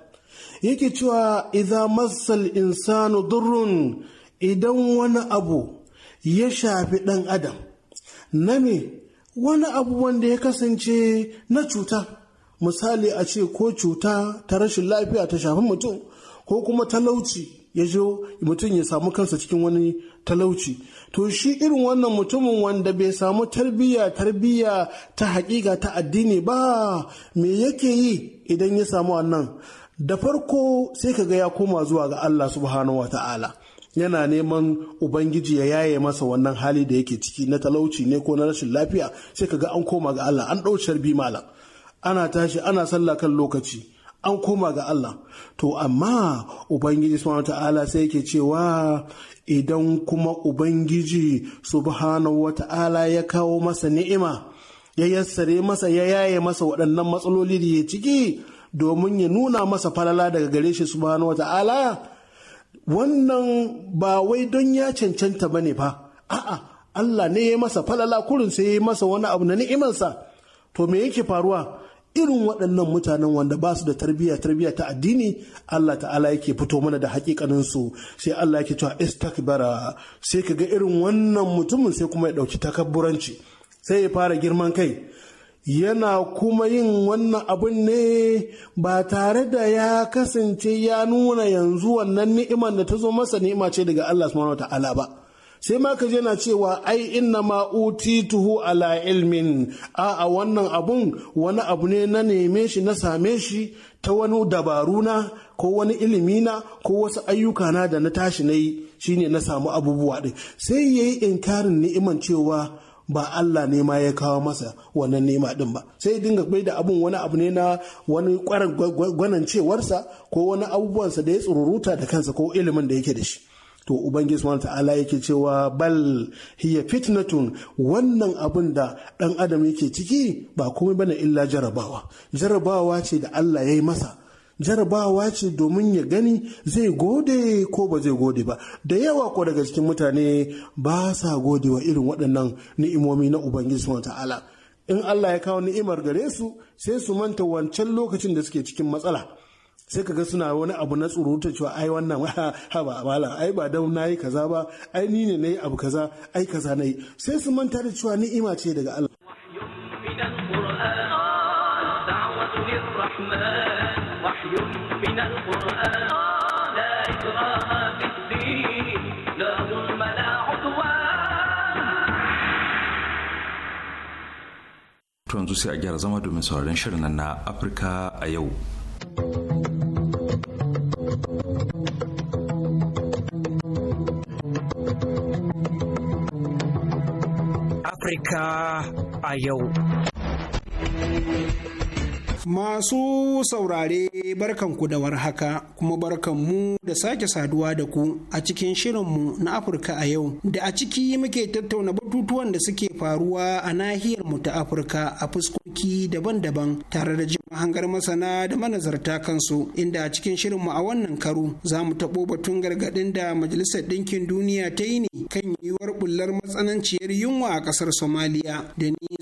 Yake cewa idza massal insanu durrun idan wani abu ya shafi ɗan adam na me wani abu wanda ya kasance na cuta misali a ce ko cuta ta rashin lafiya ta shafi mutum ko kuma talauci ya zo mutum ya samu kansa cikin wani talauci to shi irin wannan mutumin wanda bai samu tarbiyya tarbiyya ta hakika ta addini ba me yake yi idan ya samu wannan da farko sai ka ga ya koma zuwa ga Allah subhanahu wa ta'ala yana neman ubangiji ya yaye masa wannan hali da yake ciki na talauci ne ko na rashin lafiya sai ka ga an koma ga Allah an ɗaucar bi malam ana tashi ana sallah kan lokaci an koma ga Allah to amma ubangiji subhanahu ta'ala sai yake cewa idan kuma ubangiji subhanahu wata'ala ya kawo masa ni'ima ya yassare masa ya yaye masa waɗannan matsaloli da ya ciki domin ya nuna masa falala daga gare shi subhanahu wata'ala wannan ba wai don ya cancanta ba ne ba a'a Allah ne ya masa falala kurin sai ya masa wani abu na ni'imansa to me yake faruwa irin waɗannan mutanen wanda ba su da tarbiyya tarbiyya ta addini Allah ta'ala yake fito mana da hakikanin su sai Allah yake cewa istakbara sai ka ga irin wannan mutumin sai kuma ya ɗauki takabburanci sai ya fara girman kai yana kuma yin wannan abin ne ba tare da ya kasance ya nuna yanzu wannan ni'imar da ta zo masa ni'ima ce daga Allah subhanahu ta'ala ba sai ma ka yana cewa ai inna ma utituhu ala ilmin a a wannan abun wani abu ne na neme shi na same shi ta wani dabaru na ko wani ilimi na ko wasu ayyuka na da na tashi na yi shine na samu abubuwa ɗin sai yayi inkarin ni'iman cewa ba Allah ne ma ya kawo masa wannan nema din ba sai dinga bai da abun wani abu ne na wani kwaran gwanancewarsa ko wani abubuwansa da ya tsururuta da kansa ko ilimin da yake da shi to ubangiji subhanahu ta'ala yake cewa bal hiya fitnatun wannan abun da dan adam yake ciki ba komai bane illa jarabawa jarabawa ce da Allah ya yi masa jarabawa ce domin ya gani zai gode ko ba zai gode ba da yawa ko daga cikin mutane ba sa gode wa irin waɗannan ni'imomi na ubangiji wa ta'ala in Allah ya kawo ni'imar gare su sai su manta wancan lokacin da suke cikin matsala sai ka ga suna wani abu na tsuruta cewa ai wannan ha ba bala ai ba dau nayi kaza ba ai ni ne nayi abu kaza ai kaza nayi sai su manta da cewa ni'ima ce daga Allah الرحمن وحي من القرآن لا في الدين لا ظلم لا عدوان yanzu sai a gyara zama domin sauraron shirin na Afirka a yau. Afirka a yau. Masu saurare barkanku da warhaka kuma barkanmu da sake saduwa da ku a cikin shirin mu na Afirka a yau da a ciki muke tattauna batutuwan da suke faruwa a nahiyar mu ta Afirka a fuskoki daban-daban tare da jin hangar masana da manazarta kansu inda a cikin shirin mu a wannan karo za mu taɓo batun gargaɗin da Majalisar Ɗinkin Duniya ta yi ne kan yiwuwar bullar matsananciyar yunwa a ƙasar Somaliya da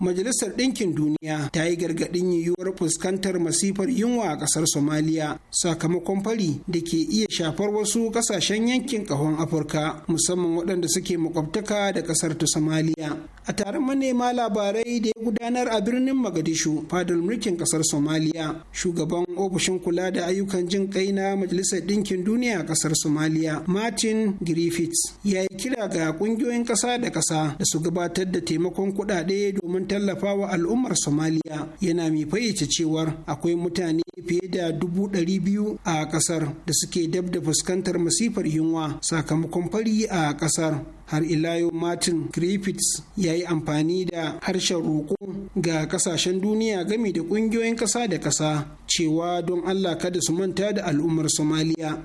majalisar ɗinkin duniya ta yi gargaɗin yiwuwar fuskantar masifar yunwa a ƙasar somaliya sakamakon fari da ke iya shafar wasu ƙasashen yankin ƙahon afirka musamman waɗanda suke maƙwabtaka da ƙasar ta somaliya a taron manema labarai da ya gudanar a birnin magadishu fadar mulkin ƙasar somaliya shugaban ofishin kula da ayyukan jin kai na majalisar ɗinkin duniya a ƙasar somaliya martin griffiths ya yi kira ga ƙungiyoyin ƙasa da ƙasa da su gabatar da taimakon kuɗaɗe domin tallafa wa al'ummar somaliya yana mai fayyace cewar akwai mutane fiye da dubu ɗari biyu a ƙasar da suke dab da fuskantar masifar yunwa sakamakon fari a ƙasar har ila yau martin griffiths ya yi amfani da harshen roƙo ga ƙasashen duniya gami da ƙungiyoyin ƙasa da ƙasa cewa don allah kada su manta da al'ummar somaliya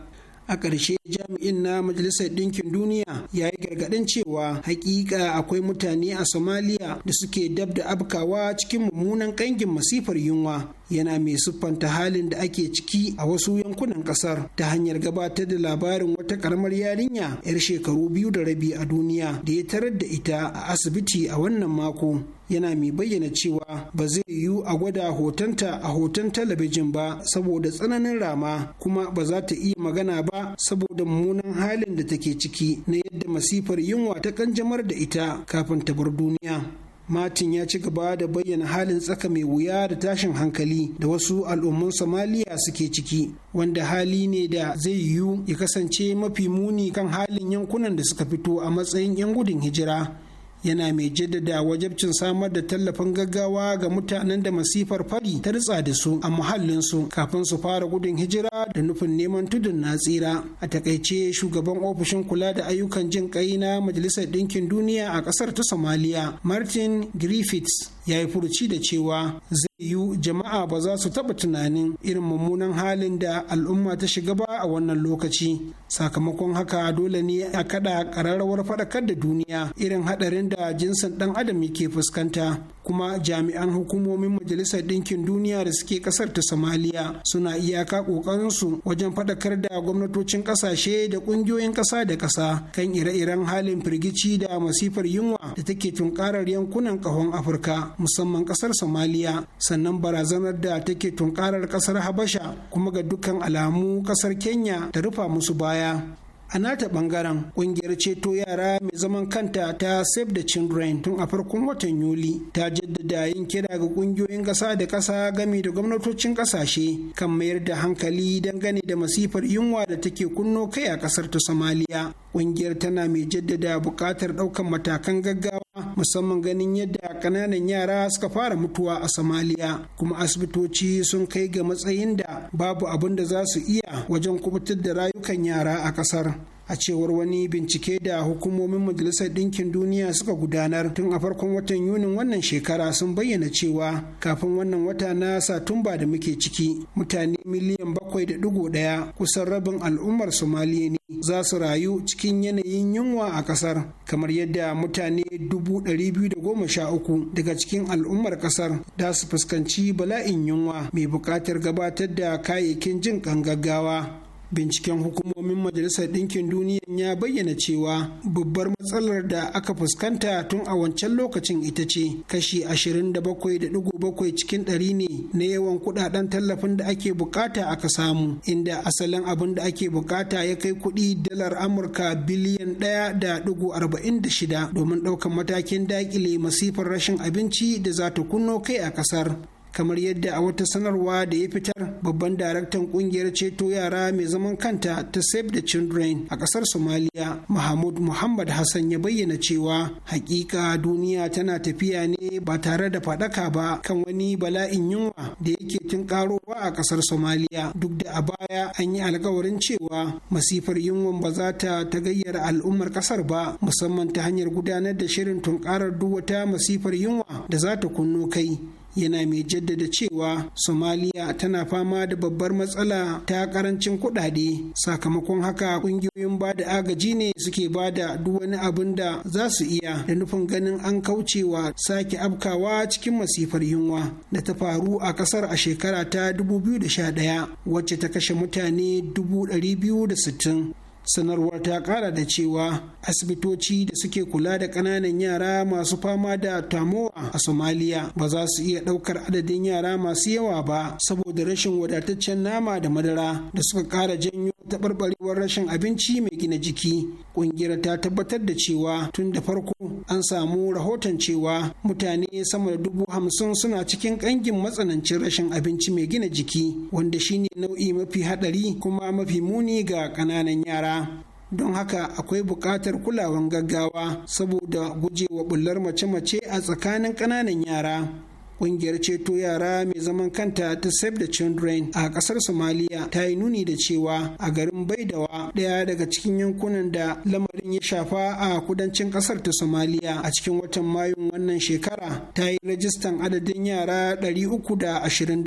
a ƙarshe jami'in na majalisar ɗinkin duniya ya yi gargaɗin cewa hakika akwai mutane a somaliya da suke dab da abkawa cikin mummunan ƙangin masifar yunwa yana mai siffanta halin da ake ciki a wasu yankunan ƙasar ta hanyar gabatar da labarin wata ƙaramar yarinya 'yar shekaru biyu da rabi a duniya da ya tarar da ita a asibiti a wannan mako yana mai bayyana cewa ba zai yiwu a gwada hotonta a hoton talabijin ba saboda tsananin rama kuma ba za ta iya magana ba saboda mummunan halin da take ciki na yadda masifar yunwa ta kanjamar da ita kafin ta bar duniya Martin ya ci gaba da bayyana halin tsaka mai wuya da tashin hankali da wasu al'ummun Somaliya suke ciki, wanda hali ne da zai yiwu ya kasance mafi muni kan halin yankunan da suka fito a matsayin 'yan gudun hijira. yana mai jaddada wajabcin samar da tallafin gaggawa ga mutanen da masifar fari ta ritsa da su a muhallinsu kafin su fara gudun hijira da nufin neman tudun na tsira a takaice shugaban ofishin kula da ayyukan jin kai na majalisar ɗinkin duniya a ƙasar ta somaliya martin griffiths ya yi furuci da cewa zai yi jama'a ba za su taɓa tunanin irin mummunan halin da al'umma ta shiga ba a wannan lokaci sakamakon haka dole ne a kada ƙararrawar faɗakar da duniya irin haɗarin da jinsin ɗan adam yake fuskanta kuma jami'an hukumomin majalisar ɗinkin duniya da suke ƙasar ta somaliya suna iyaka ƙoƙarinsu wajen faɗakar da gwamnatocin ƙasashe da ƙungiyoyin ƙasa da ƙasa kan ire-iren halin firgici da masifar yunwa da take tunkarar yankunan ƙahon afirka musamman ƙasar somaliya sannan barazanar da take tunkarar ƙasar habasha kuma ga dukkan alamu ƙasar kenya ta rufa musu baya a nata bangaren kungiyar ceto yara mai zaman kanta ta save the children tun a farkon watan yuli ta jaddada yin kira ga kungiyoyin kasa da ƙasa gami da gwamnatocin ƙasashe kan mayar da hankali dangane da masifar yunwa da take kunno kai a ƙasar ta somaliya Ƙungiyar tana mai jaddada buƙatar ɗaukar matakan gaggawa musamman ganin yadda ƙananan yara suka fara mutuwa a Somaliya kuma asibitoci sun kai ga matsayin da babu abin da za su iya wajen kubutar da rayukan yara a ƙasar. a cewar wani bincike da hukumomin majalisar ɗinkin duniya suka gudanar tun a farkon watan yunin wannan shekara sun bayyana cewa kafin wannan wata na satumba da muke ciki mutane miliyan bakwai da dugu ɗaya kusan rabin al'ummar somaliya ne za su rayu cikin yanayin yunwa a ƙasar kamar yadda mutane dubu ɗari biyu da goma sha uku daga cikin al'ummar ƙasar da su fuskanci bala'in yunwa mai buƙatar gabatar da kayayyakin jin ƙan gaggawa binciken hukumomin majalisar ɗinkin duniya ya bayyana cewa babbar matsalar da aka fuskanta tun a wancan lokacin ita ce kashi 27.7 cikin ɗari ne na yawan kuɗaɗen tallafin da ake bukata aka samu inda asalin abin da ake bukata ya kai kuɗi dalar amurka biliyan ɗaya da ɗigo arba'in da shida domin ɗaukan matakin daƙile masifar rashin abinci da za ta kunno kai a ƙasar kamar yadda a wata sanarwa da ya fitar babban daraktan kungiyar ceto yara mai zaman kanta ta save the children a kasar Somalia, mahmud muhammad hassan ya bayyana cewa hakika duniya tana tafiya ne ba tare da fadaka ba kan wani bala'in yunwa da yake tun karowa a kasar Somalia, duk da a baya an yi alkawarin cewa masifar yunwan ba za ta gayyara al'ummar kasar ba musamman ta hanyar gudanar da shirin tunkarar duk wata masifar yunwa da za ta kunno kai yana mai jaddada cewa somaliya tana fama da babbar matsala ta karancin kuɗaɗe sakamakon haka ƙungiyoyin ba da agaji ne suke ba da duk wani abin da za su iya da nufin ganin an kaucewa sake afkawa cikin masifar yunwa da ta faru a ƙasar a shekara ta 2011 wacce ta kashe mutane 260 sanarwar ta kara da cewa asibitoci da suke kula da ƙananan yara masu fama da tamowa a somaliya ba za su iya ɗaukar adadin yara masu yawa ba saboda rashin wadataccen nama da madara da suka ƙara janyo taɓarɓarewar rashin abinci mai gina jiki ƙungiyar ta tabbatar da cewa tun da farko an samu rahoton cewa mutane sama da dubu hamsin suna cikin ƙangin matsanancin rashin abinci mai gina jiki wanda shine nau'i mafi haɗari kuma mafi muni ga ƙananan yara don haka akwai buƙatar kulawan gaggawa saboda gujewa bullar mace-mace a tsakanin ƙananan yara Ƙungiyar ceto yara mai zaman kanta ta Save the Children a ƙasar Somalia ta yi nuni da cewa a garin Baidawa ɗaya daga cikin yankunan da lamarin ya shafa a kudancin ƙasar ta Somalia a cikin watan Mayun wannan shekara ta yi rajistan adadin yara 324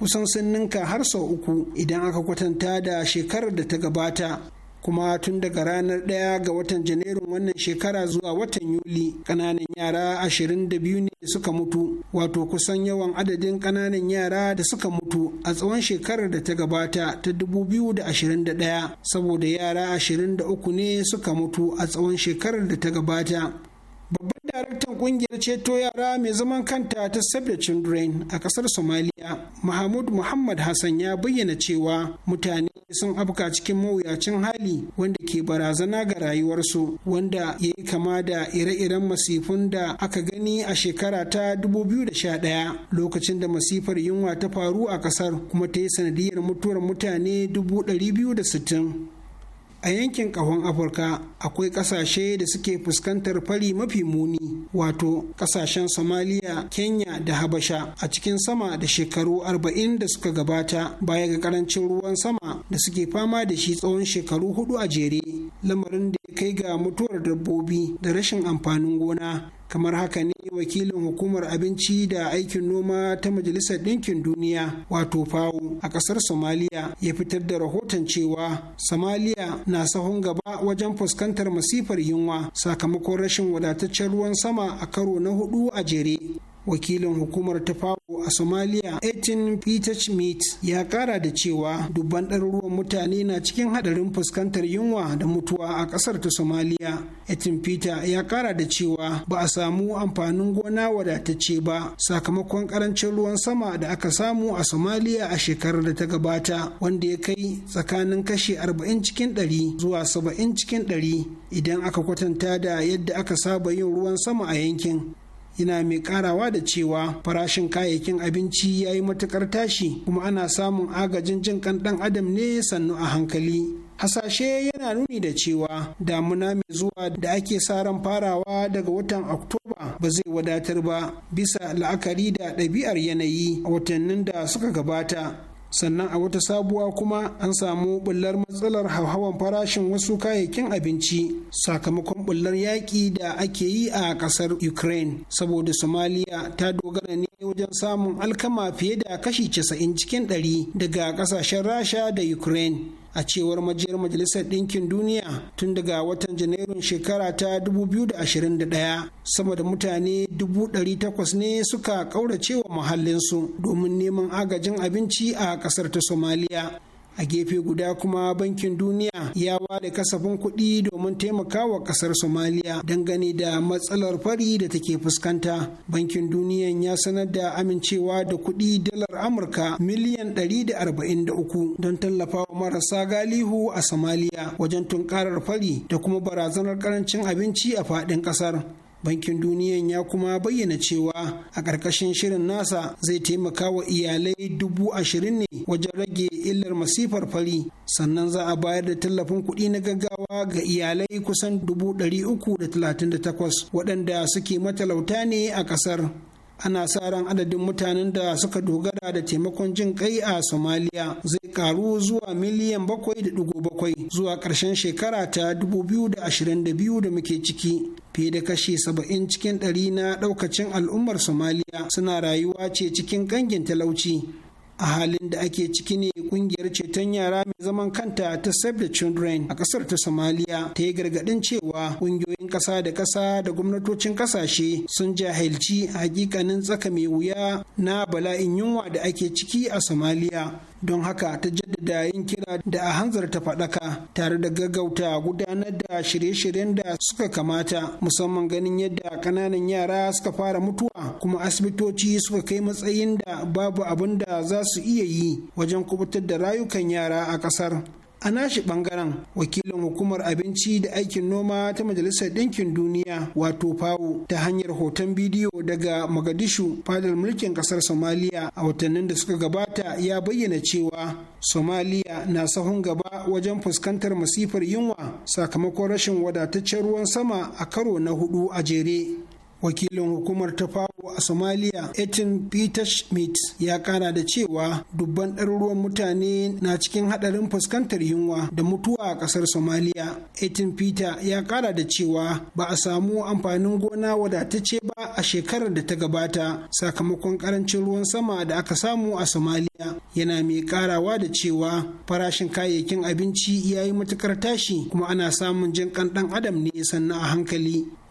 kusan sun ninka har sau uku idan aka kwatanta da shekarar da ta gabata. kuma tun daga ranar 1 ga watan janairun wannan shekara zuwa watan yuli kananan yara 22 ne suka mutu wato kusan yawan adadin kananan yara da suka mutu a tsawon shekarar da ta gabata ta 2021 saboda yara 23 ne suka mutu a tsawon shekarar da ta gabata babban daraktan kungiyar ceto yara mai zaman kanta ta save the children a kasar somaliya mahmud muhammad hassan ya bayyana cewa mutane sun afka cikin mawuyacin hali wanda ke barazana ga rayuwarsu wanda ya yi kama da ire-iren masifun da aka gani a shekara ta 2011 lokacin da masifar yunwa ta faru a kasar kuma ta yi sanadiyar mutuwar mutane 260 a yankin kahon afirka akwai kasashe da suke fuskantar fari mafi muni wato kasashen somaliya kenya da habasha a cikin sama da shekaru arba'in da suka gabata baya ga karancin ruwan sama da suke fama da shi tsawon shekaru hudu a jere lamarin da ya kai ga mutuwar dabbobi da rashin amfanin gona kamar haka ne wakilin hukumar abinci da aikin noma ta majalisar ɗinkin duniya wato fawo a ƙasar somaliya ya fitar da rahoton cewa somaliya na sahun gaba wajen fuskantar masifar yunwa sakamakon rashin wadataccen ruwan sama a karo na hudu a jere wakilin hukumar tafawo a somalia 18 peter schmidt ya kara da cewa dubban ɗaruruwan mutane na cikin hadarin fuskantar yunwa da mutuwa a ƙasar ta somalia 18 peter ya kara da cewa ba a samu amfanin gona wadatacce ba sakamakon karancin ruwan sama da aka samu a somalia a shekarar da ta gabata wanda ya kai tsakanin kashe 40 cikin 100 zuwa 70 cikin 100 idan aka kwatanta da yadda aka saba yin ruwan sama a yankin yana mai karawa da cewa farashin kayayyakin abinci ya yi matukar tashi kuma ana samun agajin jin kan dan adam ne sannu a hankali hasashe yana nuni da cewa damuna mai zuwa da ake sa ran farawa daga watan oktoba ba zai wadatar ba bisa la'akari da ɗabi'ar yanayi a watannin da suka gabata sannan a wata sabuwa kuma an samu bullar matsalar hauhawan farashin wasu kayayyakin abinci sakamakon bullar yaƙi da ake yi a ƙasar ukraine saboda somaliya ta dogara ne wajen samun alkama fiye da kashi 90 cikin 100 daga kasashen rasha da ukraine a cewar majiyar majalisar ɗinkin duniya tun daga watan janairun shekara ta 2021 sama da mutane 800,000 ne suka ƙauracewa muhallinsu domin neman agajin abinci a ƙasar ta somaliya a gefe guda kuma bankin duniya ya ware kasafin kuɗi domin taimakawa ƙasar somaliya dangane da matsalar fari da take fuskanta bankin duniya ya sanar da amincewa da kuɗi dalar amurka miliyan 143 don tallafawa marasa galihu a somaliya wajen tunkarar fari da kuma barazanar ƙarancin abinci a faɗin ƙasar bankin duniyan ya kuma bayyana cewa a ƙarƙashin shirin nasa zai taimaka wa iyalai dubu ashirin ne wajen rage illar masifar fari sannan za a bayar da tallafin kuɗi na gaggawa ga iyalai kusan dubu ɗari uku da talatin da takwas waɗanda suke matalauta ne a ƙasar ana sa ran adadin mutanen da suka dogara da taimakon jin kai a somaliya zai karu zuwa miliyan bakwai da dugu bakwai zuwa ƙarshen shekara ta 2022 da muke ciki fiye da kashi saba'in cikin ɗari na ɗaukacin al'ummar somaliya suna rayuwa ce cikin ƙangin talauci a halin da ake ciki ne kungiyar ceton yara mai zaman kanta ta save the children a kasar ta somalia ta yi gargadin cewa kungiyoyin kasa da kasa da gwamnatocin kasashe sun jahilci hakikanin tsaka mai wuya na bala'in yunwa da ake ciki a somalia don haka ta jaddada yin kira da a hanzarta faɗaka tare da gaggauta gudanar da shirye-shiryen da suka kamata musamman ganin yadda ƙananan yara suka fara mutuwa kuma asibitoci suka kai matsayin da babu abin da za su iya yi wajen kubutar da rayukan yara a ƙasar a nashi bangaren wakilin hukumar abinci da aikin noma ta majalisar Dinkin duniya wato fawo ta hanyar hoton bidiyo daga magadishu fadar mulkin ƙasar somaliya a watannin da suka gabata ya bayyana cewa somaliya na sahun gaba wajen fuskantar masifar yunwa sakamakon rashin wadataccen ruwan sama a karo na hudu a jere wakilin hukumar ta a somalia etin peter schmidt ya kana da cewa dubban ɗaruruwan mutane na cikin haɗarin fuskantar yunwa da mutuwa a ƙasar somalia etin peter ya kara da cewa ba a samu amfanin gona wadatacce ba a shekarar da ta gabata sakamakon ƙarancin ruwan sama da aka samu a somalia yana mai karawa da cewa farashin kayayyakin abinci ya yi matukar tashi kuma ana samun jin kan adam ne sannan a hankali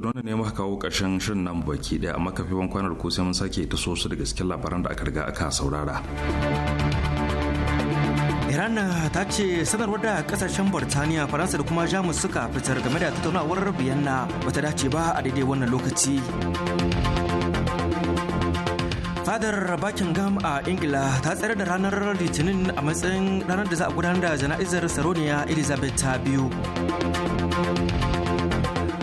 don ne muka kawo ƙarshen shirin nan baki ɗaya amma kafin kwanar ku sai mun sake ta so su da gaske labaran da aka riga aka saurara. Iran ta ce sanarwar da kasashen burtaniya Faransa da kuma Jamus suka fitar game da tattaunawar Vienna bata dace ba a daidai wannan lokaci. Fadar Buckingham a Ingila ta tsare da ranar Litinin a matsayin ranar da za a gudanar da jana'izar Saroniya Elizabeth ta biyu.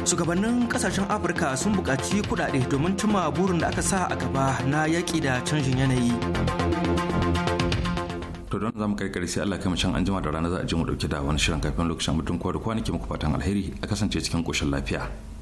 shugabannin kasashen afirka sun bukaci kuɗaɗe domin cimma burin da aka sa a gaba na yaƙi da canjin yanayi to don zamu kai sai Allah kai can anjima da rana za a ji mu dauke da wani shirin kafin lokacin mutum kwa da kwanaki muku fatan alheri a kasance cikin koshin lafiya